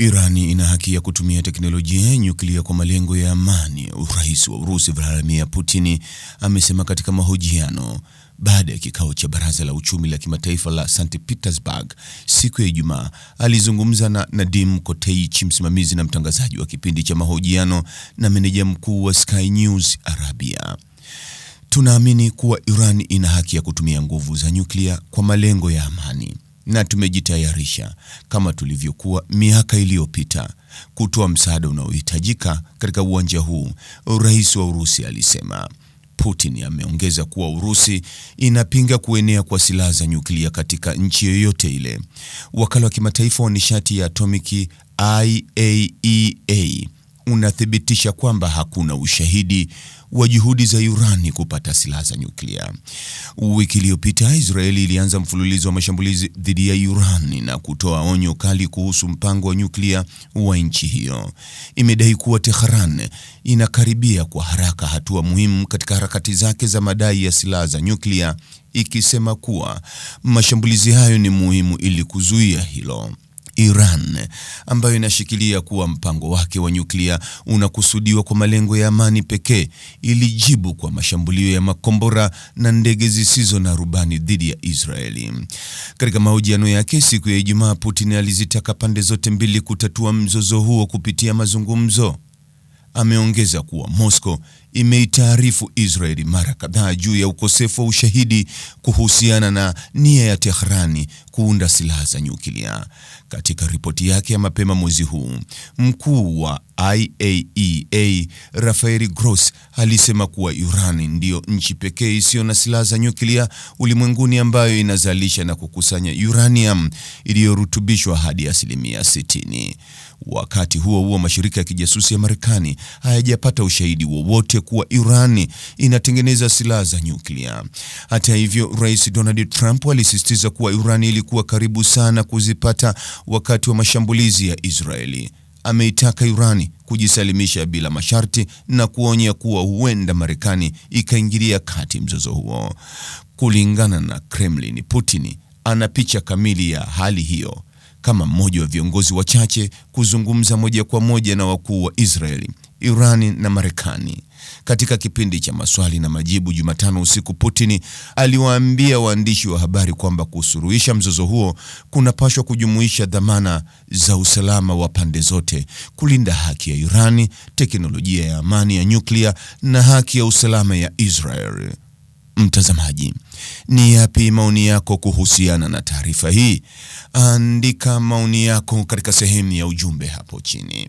Irani ina haki ya kutumia teknolojia ya nyuklia kwa malengo ya amani, Rais wa Urusi Vladimir Putin amesema katika mahojiano baada ya kikao cha Baraza la Uchumi la Kimataifa la St. Petersburg siku ya Ijumaa. Alizungumza na Nadim Koteich, msimamizi na mtangazaji wa kipindi cha mahojiano na meneja mkuu wa Sky News Arabia. Tunaamini kuwa Iran ina haki ya kutumia nguvu za nyuklia kwa malengo ya amani na tumejitayarisha kama tulivyokuwa miaka iliyopita kutoa msaada unaohitajika katika uwanja huu, Rais wa Urusi alisema. Putin ameongeza kuwa Urusi inapinga kuenea kwa silaha za nyuklia katika nchi yoyote ile. Wakala wa kimataifa wa nishati ya atomiki IAEA e unathibitisha kwamba hakuna ushahidi wa juhudi za urani kupata silaha za nyuklia. Wiki iliyopita, Israeli ilianza mfululizo wa mashambulizi dhidi ya Iran na kutoa onyo kali kuhusu mpango wa nyuklia wa nchi hiyo. Imedai kuwa Tehran inakaribia kwa haraka hatua muhimu katika harakati zake za madai ya silaha za nyuklia, ikisema kuwa mashambulizi hayo ni muhimu ili kuzuia hilo. Iran ambayo inashikilia kuwa mpango wake wa nyuklia unakusudiwa kwa malengo ya amani pekee, ilijibu kwa mashambulio ya makombora na ndege zisizo na rubani dhidi ya Israeli. Katika mahojiano yake siku ya Ijumaa, Putin alizitaka pande zote mbili kutatua mzozo huo kupitia mazungumzo. Ameongeza kuwa Moscow imeitaarifu Israeli mara kadhaa juu ya ukosefu wa ushahidi kuhusiana na nia ya Tehrani kuunda silaha za nyuklia. Katika ripoti yake ya mapema mwezi huu, mkuu wa IAEA e Rafael Gross alisema kuwa Iran ndiyo nchi pekee isiyo na silaha za nyuklia ulimwenguni ambayo inazalisha na kukusanya uranium iliyorutubishwa hadi asilimia 60. Wakati huo huo, mashirika ya kijasusi ya Marekani hayajapata ushahidi wowote yake kuwa Iran inatengeneza silaha za nyuklia. Hata hivyo, Rais Donald Trump alisisitiza kuwa Iran ilikuwa karibu sana kuzipata wakati wa mashambulizi ya Israeli. Ameitaka Iran kujisalimisha bila masharti na kuonya kuwa huenda Marekani ikaingilia kati mzozo huo. Kulingana na Kremlin, Putin ana picha kamili ya hali hiyo, kama mmoja wa viongozi wachache kuzungumza moja kwa moja na wakuu wa Israeli Irani na Marekani. Katika kipindi cha maswali na majibu Jumatano usiku, Putin aliwaambia waandishi wa habari kwamba kusuluhisha mzozo huo kunapaswa kujumuisha dhamana za usalama wa pande zote, kulinda haki ya Irani, teknolojia ya amani ya nyuklia na haki ya usalama ya Israel. Mtazamaji, ni yapi maoni yako kuhusiana na taarifa hii? Andika maoni yako katika sehemu ya ujumbe hapo chini